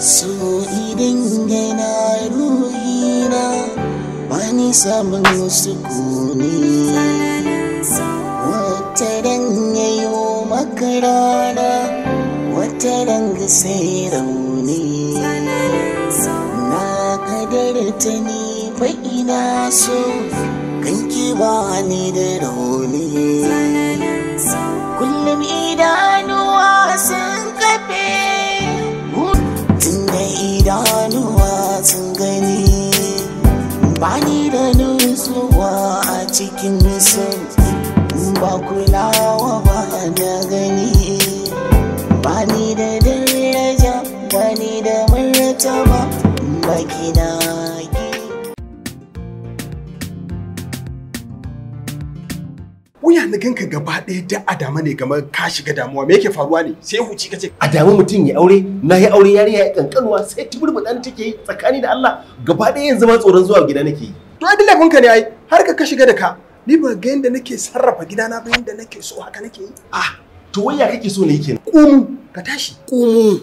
so idan gaina ruhina wani samun kone, wata ran yayo maka rana wata ran sai rauni na kadarta ni fa ina so kan ki ba ni da rauni ba kulawa ba na gani ba ni da daraja ba ni da martaba ba kina wuya na ganka gaba ɗaya da adama ne kamar ka shiga damuwa me yake faruwa ne sai huci kace adama mutum ya aure na ya aure yarinya ya kankanuwa sai tuburbuɗan take yi tsakani da Allah gaba ɗaya yanzu ma tsoron zuwa gida nake yi to ai laifin ka ne ai har ka shiga da ka ni ba ga yadda nake sarrafa gidana ba yadda nake so haka nake yi ah to waya kake so ne kenan kumu ka tashi kumu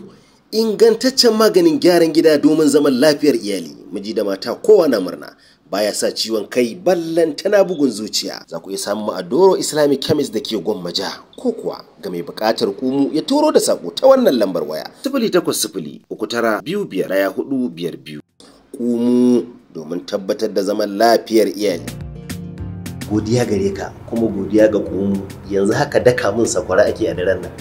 ingantaccen maganin gyaran gida domin zaman lafiyar iyali miji da mata kowa na murna baya sa ciwon kai ballan tana bugun zuciya za ku iya samu a doro islamic chemist da ke Gwamma gwammaja ko kuwa ga mai bukatar kumu ya turo da sako ta wannan lambar waya sifili takwas sifili uku tara biyu biyar hudu biyar biyu kumu domin tabbatar da zaman lafiyar iyali godiya gare ka kuma godiya ga kuma yanzu haka daka mun sakwara ake a daren nan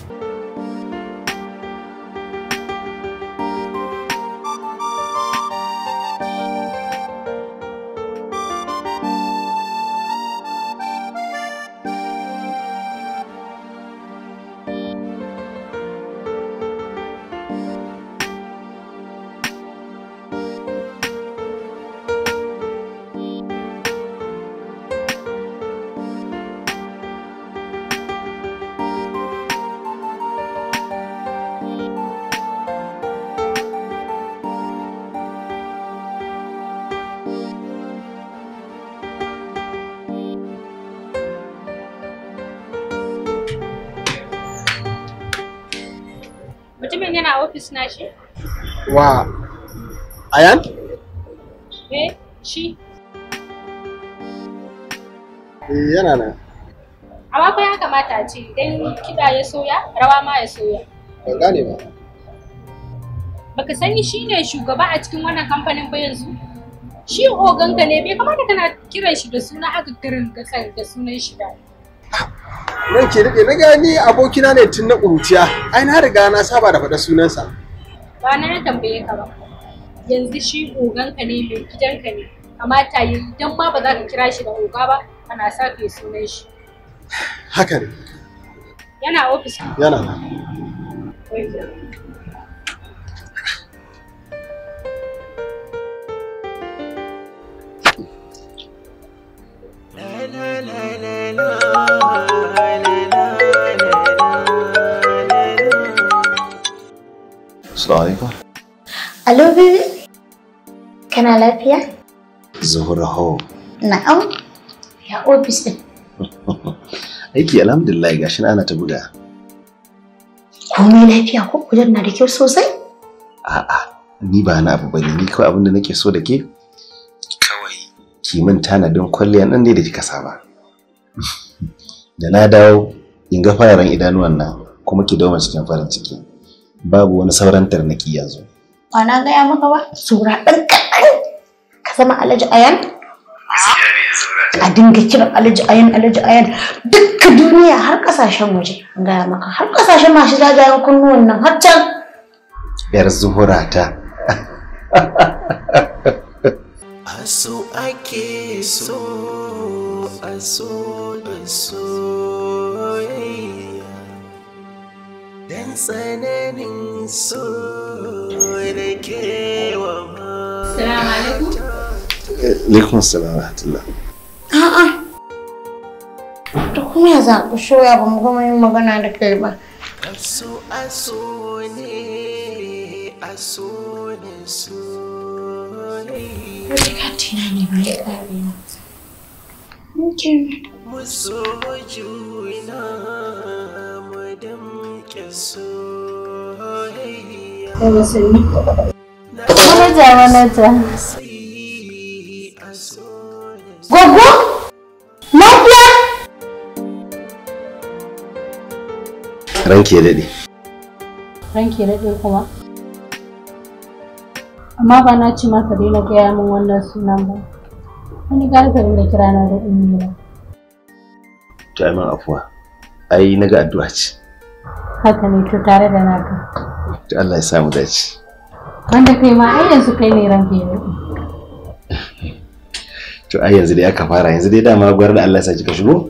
ofis na shi? Wa Ayan? Eh, shi. Eh, yana nan. Amma fa ya kamata a ce idan kiɗa ya soya, rawa ma ya soya. Ban gane ba. Baka sani shi ne shugaba a cikin wannan kamfanin ba yanzu? Shi oganka ne bai kamata kana kiran shi da suna haka kiran da sunan shi ba. nan ke daɗe na gani abokina ne tun na ƙuruciya ai na riga na saba da faɗa sunansa ba na tambaye ka ba yanzu shi oganka ne mai gidanka ne amma ta yi idan ma ba za ka kira shi da oga ba ana sa sunan shi haka ne yana ofis yana na. Assalamu Alo baby. Kana lafiya? Zuhura ho. Na'am. Ya ofis din. Aiki alhamdulillah gashi ana ta guda. Komai lafiya ko gudan na da kyau sosai? A'a, ni ba na abu bane ni kawai abin da nake so da ke kawai ki min tanadin kwalliya nan ne da kika saba. da na dawo in ga fararen idanuwan nan kuma ki dawo cikin farin ciki. babu wani sauran tarnaki yanzu kwana na gaya maka ba sura ɗan kaɗan ka zama alhaji ayan a dinga kiran alhaji ayan alhaji ayan dukkan duniya har ƙasashen waje gaya maka har ƙasashen masu jajayen kunnuwan nan har can yar zuhura ta aso ake so aso aso dan tsananin so da kewa ma. alaikum. salam A'a. kuma ya zaɓi shoya ba mu gama yin magana da kai ba. ne aso ne so ne. Wani ne ba ya na. Mu so juna mu Manaja, manaja. Gogo? Lafiya? Ranke daɗe. Ranke daɗe kuma? Amma ba na ce maka daina gaya min wannan sunan ba. Wani galibin da kira na da umira. To, ai afuwa. Ai, na ga addu'a ce. haka ne to tare da naka Allah ya samu dace wanda kai ma ai yanzu kai ne ranke ne to ai yanzu dai aka fara yanzu dai dama gwar da Allah ya sa ka shigo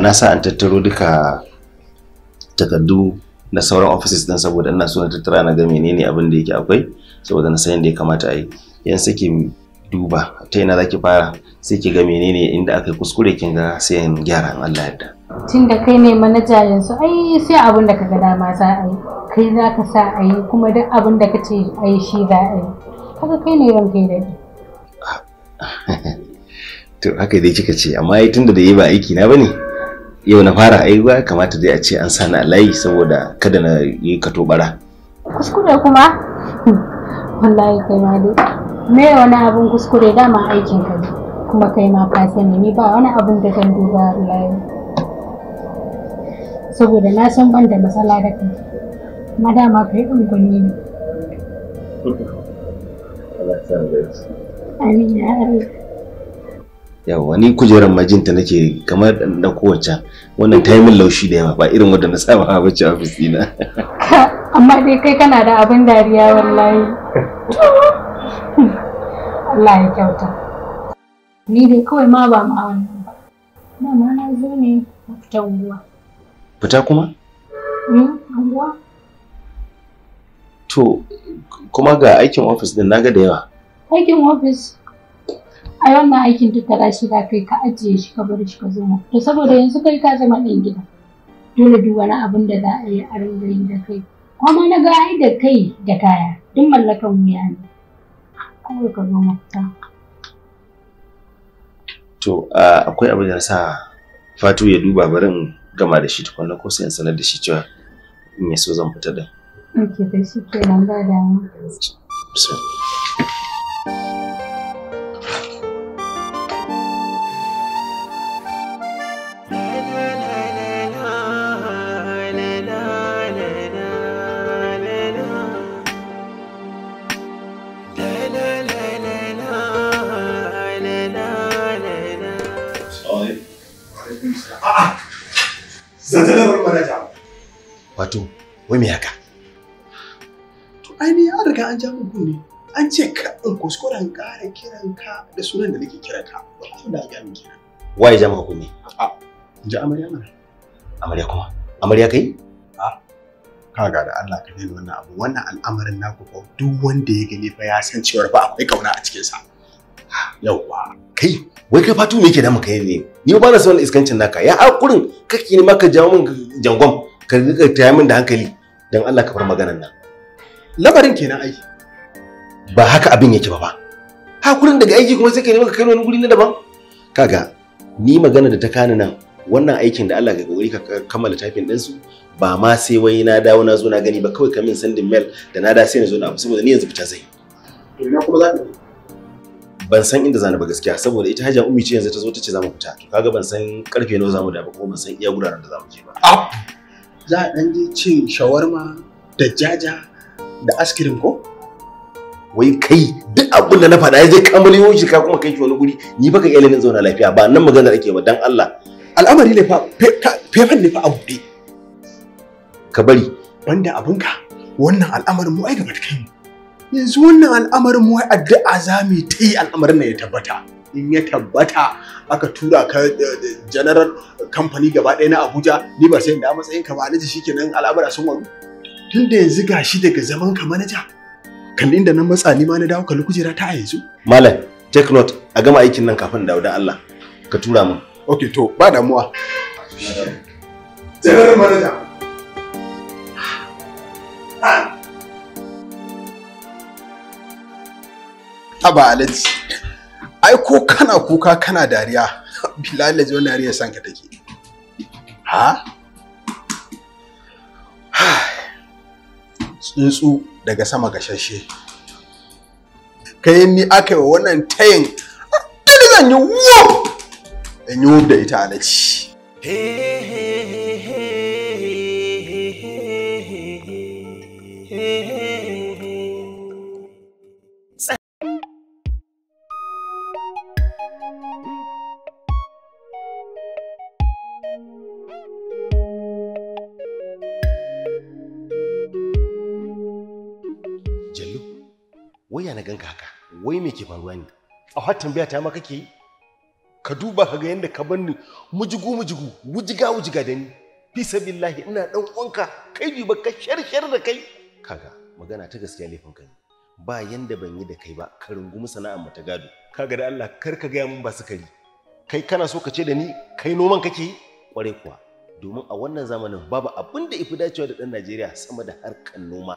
na sa an tattaro duka takardu na sauran offices din saboda ina so na tattara na ga menene abin da yake akwai saboda na san da ya kamata a yi yan sake duba ta ina zaki fara sai ki ga menene inda aka kuskure kin ga sai in gyara Allah ya yarda tun da kai ne manaja yanzu ai sai abin da kaga dama za a yi kai za ka sa a yi kuma duk abin da ka ce a yi shi za a yi kaga kai ne ranka yi daɗi to haka dai kika ce amma ai tunda da yi ba aiki na bane yau na fara aiwa kamata dai a ce an sani a layi saboda kada na yi kato bara kuskure kuma wallahi kai ma dai me wani abin kuskure dama aikin ka kuma kai ma ka sani ni ba wani abun da kan duba wallahi saboda na san ban da matsala da kai kuma dama kai ɗan gwani ne Amin ya Allah. yawa ni kujerar majinta nake kamar na kowace wannan taimin min laushi da yawa ba irin wadda na saba a bacci ofis dina amma dai kai kana da abin dariya wallahi Allah ya kyauta ni dai kawai ma ba ma wani ba na ma na zo ne mafitan ruwa Fita kuma? Hmm, to, kuma ga aikin ofis din naga da yawa. Aikin ofis? A wannan aikin tattara shi da kai ka ajiye shi ka bar shi ka zama. To saboda yanzu kai ka zama ɗan gida. Dole duk wani abin da za a yi a ringa da kai. Kuma na ga da kai da kaya duk mallakan wuya ne. Kawai ka zo mafita. To, akwai abin da sa Fatu ya duba barin gama da shi tukunna ko sai in sanar da shi cewa in ya so zan fita da. Ok, da shi nan ba da. Bismillah. wai me haka to ai ne an riga an ja mu kunne an ce ka in kuskuren ƙara kiran ka da sunan da nake kira ka ba abin da ga miki kenan waye ja maka kunne a in ji amarya mana amarya kuma amarya kai a kaga da Allah ka daina wannan abu wannan al'amarin naku ko duk wanda ya gani fa ya san cewa ba akwai kauna a cikin sa yauwa kai wai kai fatu me yake da maka ne ni ba na son iskancin naka ya hakurin kake ne maka jawo min jangon ka rika taya min da hankali don Allah ka bar maganan nan lamarin kenan ai ba haka abin yake ba ba hakurin daga aiki kuma sai ka nemi ka kai wani guri na daban kaga ni magana da ta kana nan wannan aikin da Allah ga gori ka kammala din su ba ma sai wai na dawo na zo na gani ba kawai ka min mail da na da sai na zo na abu saboda ni yanzu fita zai ina kuma za ka ban san inda zani ba gaskiya saboda ita hajiya ummi ce yanzu ta zo ta ce za mu fita to kaga ban san karfe nawa za mu da ba kuma ban san iya guraren da za mu je ba ah! za a ɗan je cin shawarma da jaja da askirin ko? Wai kai duk abin da na faɗa ya je kamar shi ka kuma kai shi wani guri ni baka iya ilimin zauna lafiya ba nan magana ake ba dan Allah. Al'amari ne fa fefan ne fa a buɗe. Ka bari. Banda ka wannan al'amarin mu ai gaba ta kai mu. Yanzu wannan al'amarin mu ai addu'a za mu yi ta yi al'amarin nan ya tabbata. in ya tabbata aka tura ka general kamfani gaba ɗaya na abuja ni ba sai da matsayin ka ba na ji al'amura sun wani tun da yanzu ga shi daga zaman ka manaja kan inda na matsa ni ma na dawo ka kujera ta a yanzu malam take note a gama aikin nan kafin dawo da Allah ka tura min okay to ba damuwa general manager Aba Alhaji. ai ko kana kuka kana dariya bilal da dariya san ka take ha tsuntsu daga sama gashashe kai ni aka yi wannan tayin ɗin ah, zan yi wo in yi da ita alaci. Hey, hey. me ke faruwa ne a har tambaya ta ma kake ka duba ka ga yadda ka bar ni mujigu mujigu wujiga wujiga da ni fi sabillahi ina dan uwanka kai bi ba ka sharshar da kai kaga magana ta gaskiya laifin ka ne ba yanda ban yi da kai ba ka rungumi sana'an mu ta gado kaga da Allah kar ka gaya mun ba sukari kai kana so ka ce da ni kai noman kake yi kwarai kuwa domin a wannan zamanin babu abin da ifi dacewa da ɗan Najeriya sama da harkar noma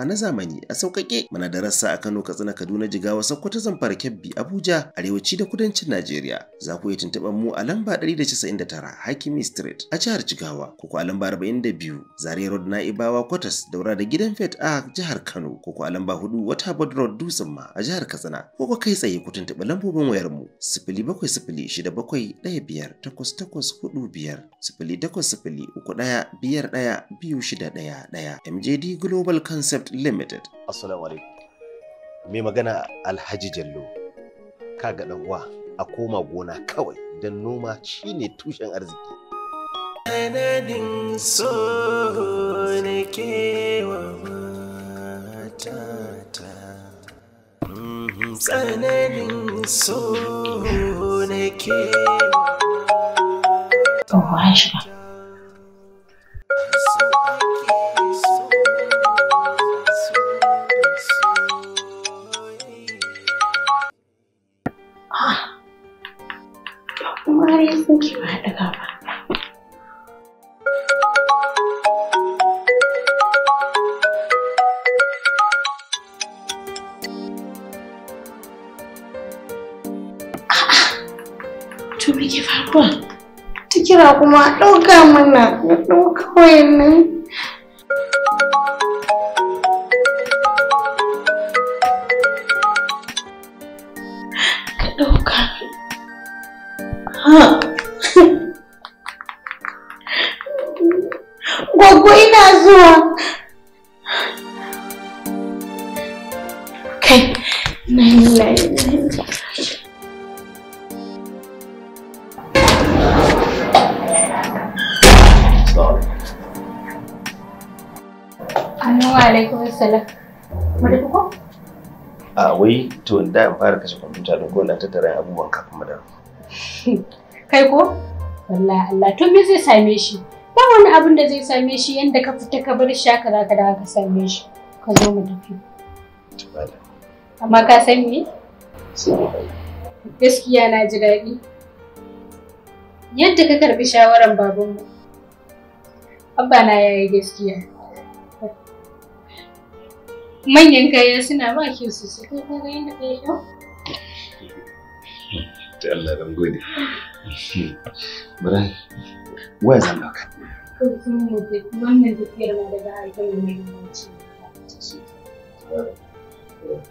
al'umma na zamani a sauƙaƙe muna da a Kano Katsina Kaduna Jigawa Sokoto Zamfara Kebbi Abuja arewaci da kudancin Najeriya za ku iya tuntuɓar mu a lamba 199 Hakimi Street a jihar Jigawa ko a lamba 42 Zaria Road Naibawa Kwatas daura da gidan Fet a jihar Kano ko a lamba 4 Waterboard Road Dutsen ma a jihar Katsina ko kai tsaye ku tuntuɓi lambobin wayar mu 0706715845 0803 biyar ɗaya biyu shida ɗaya ɗaya mjd global concept Private Limited. Assalamu alaikum. Mai magana Alhaji Jallo. Kaga dan uwa a koma gona kawai don noma shine tushen arziki. Sanadin so ne kewa matata. Sanadin so ne kewa. Allah kuma ɗauka mana na ɗauka wayannan. Ka ɗauka. Gwaggo ina zuwa. Kai, na yi layi. Wa alaikum assalam. Mu tafi ko? A wai to da in fara kashe kwamfuta don ko na tattara abubuwan kafin mu Kai ko? Wallahi Allah to me zai same shi? Ba wani abin da zai same shi yanda ka fita ka bar shi za ka dawo ka same shi. Ka zo mu tafi. Amma ka san me? Gaskiya na ji daɗi. Yadda ka karɓi shawaran babanmu. Abba na yayi gaskiya. manyan kaya suna ba su sosai kai da ta Allah dan gode waya zan baka wannan ke daga aikin mai mutunci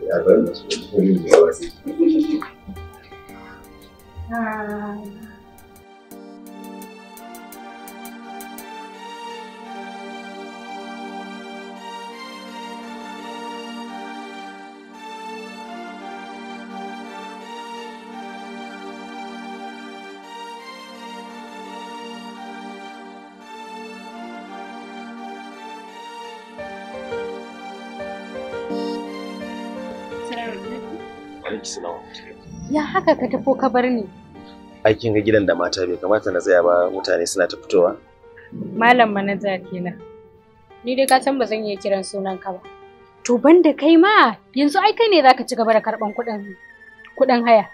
ya bar da su ne ba sai nake sanawa ya haka ka tafi ka bar ni aikin ga gidan da mata bai kamata na tsaya ba mutane suna ta fitowa malam manaja kenan ni dai ka san ba zan iya kiran sunan ka ba to banda kai ma yanzu ai kai ne zaka ci gaba da karban kuɗin kuɗin haya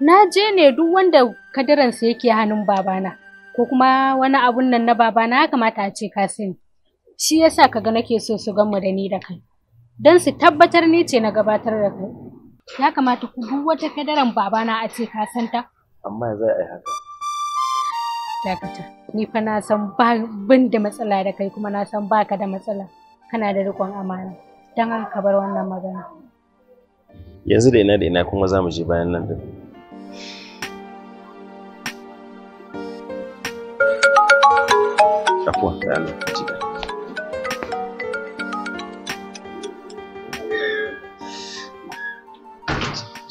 na je ne duk wanda kadaransa yake hannun babana ko kuma wani abun nan na babana ya kamata a ce ka sani shi yasa ga nake so su gamu da ni da kai don su tabbatar ni ce na gabatar da kai ya kamata ku duk wata kadaran babana a ce ka santa. amma zai a yi haka dakata ni fa na san ba bin da matsala da kai kuma na san baka da matsala kana da rikon amana dan haka ka bar wannan magana yanzu da ina da ina kuma za mu je bayan nan din da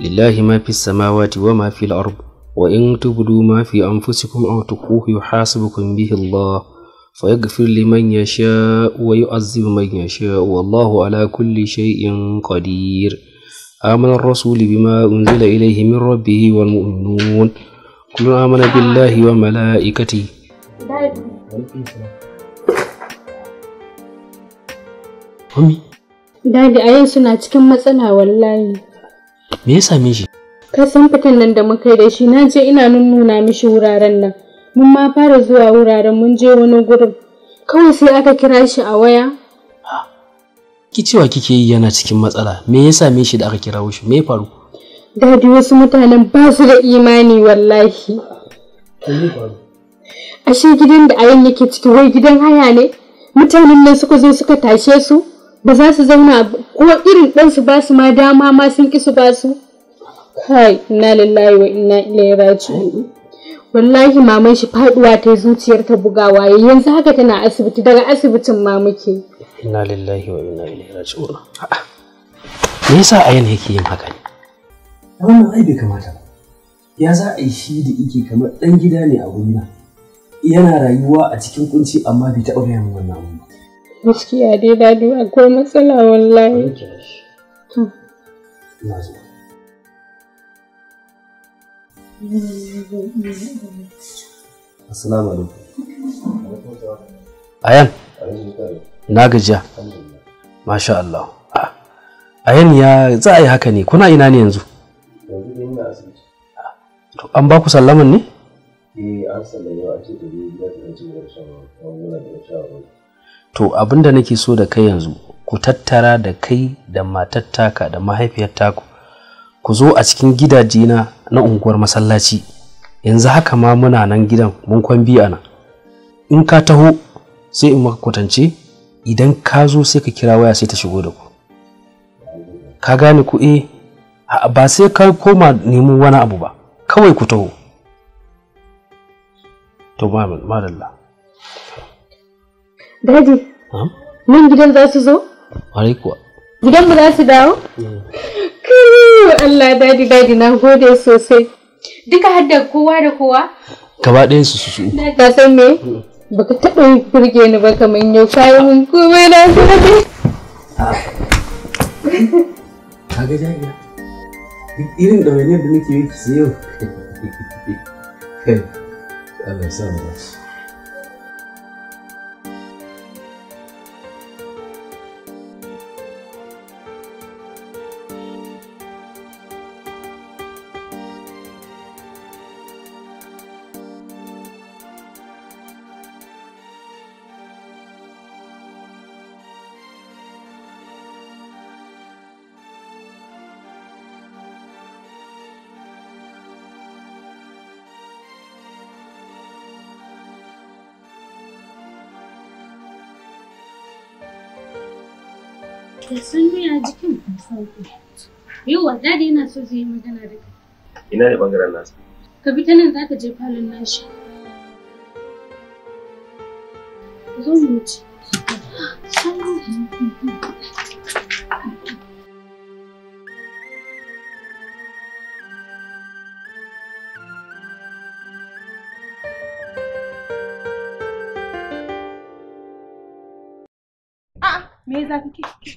lillahi ma fi samawati wa ma fi al wa in tubdu ma fi anfusikum aw tukuhu yuhasibukum bihi Allah fa yaghfir liman yasha wa yu'azzib man yasha wallahu ala kulli shay'in qadir آمن الرسول بما أنزل إليه من ربه والمؤمنون كل آمن بالله وملائكته Dadi a yau suna cikin matsala wallahi. me ya same shi ka san fitan nan da muka yi da shi na je ina nunnuna mishi wuraren nan mun ma fara zuwa wuraren mun je wani gurin kawai sai aka kira shi a waya ki cewa kike yi yana cikin matsala me ya same shi da aka kira shi me ya faru dadi wasu mutanen ba su da imani wallahi ashe gidan da ayan yake ciki wai gidan haya ne mutanen nan suka zo suka tashe su ba za su zauna ko irin ɗansu ba su ma dama ma sun ƙi su ba su kai ina lallai wa inna ilaihi raji wallahi maman shi faduwa ta zuciyar ta bugawa yanzu haka tana asibiti daga asibitin ma muke Ina lallai wa Ina-Ina inna raji raji'un me yasa yana yake yin haka ne wannan ai bai kamata ba ya za a yi shi da yake kamar dan gida ne a gurina yana rayuwa a cikin kunci amma bai taɓa gaya min wannan abu ba gaskiya dai dadi akwai matsala wallahi Assalamu alaikum. Ayan, na gajiya. Masha Allah. Ayan ya za a yi haka ne, kuna ina ne yanzu? An ba ku sallaman ne? Eh, an a ce da da ce da da to abin da nake so da kai yanzu ku tattara da kai da matattaka da mahaifiyar taku ku zo a cikin gidajena na unguwar masallaci yanzu haka ma muna nan gidan mun kwan biya nan in ka taho sai in maka kwatance idan ka zo sai ka kira waya sai ta shigo da ku ka gane ku eh ba sai ka koma neman wani abu ba kawai ku taho to Daji. mun gidan za su zo? Kwarai kuwa. Gidan mu za su dawo? Allah dadi dadi na gode sosai. Duka hadda kowa da kowa? Gaba ɗayan su su. na san me? Baka taɓa burge ni ba kamar yau kayan mun komai na gode. Ka ga Irin ɗawainiyar da muke yi ki Allah ya sa mu da sannu ya jikin sauki yauwa dadi yana so zai yi magana da kai ina ne bangaren nasa ka bi ta nan za ka je falon nashi zo mu wuce me za ka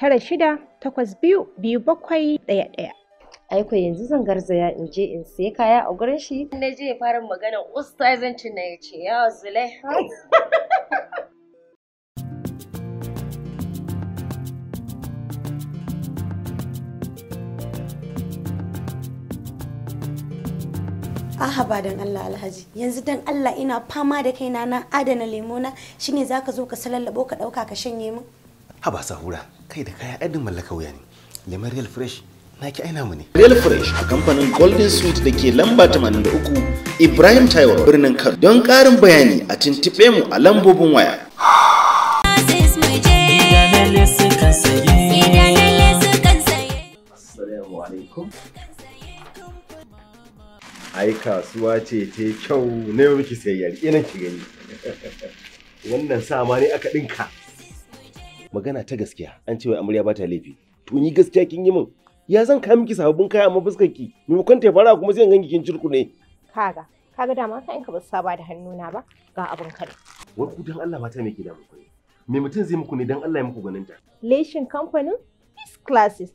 tara shida takwas biyu biyu bakwai ɗaya ɗaya. Aiko yanzu zan garzaya in je in siya kaya a gurin shi. Na je fara magana ustazancin na ya ce yawa zule. A haba dan Allah Alhaji yanzu dan Allah ina fama da kaina na adana lemona shine zaka zo ka salallabo ka ɗauka ka shanye min. Haba sahura kai da kaya ɗan mallaka wuya ne lemon real fresh na ki aina mu ne real fresh a kamfanin golden sweet da ke lamba 83 ibrahim taiwo birnin kano don ƙarin bayani a tuntube mu a lambobin waya ai kasuwa ce ta kyau na yau ina ki gani wannan sama aka ɗinka magana ta gaskiya an ce wai amarya ba ta laifi to ni gaskiya kin yi min ya zan kai miki sababbin kaya amma fuskar ki maimakon ta fara kuma sai in ganki kin ne kaga kaga dama ka in ka ba saba da hannuna ba ga abin kare wa ku dan Allah mata me ke da muku ne me mutum zai muku ne dan Allah ya muku ganin ta leshin kamfanin class classes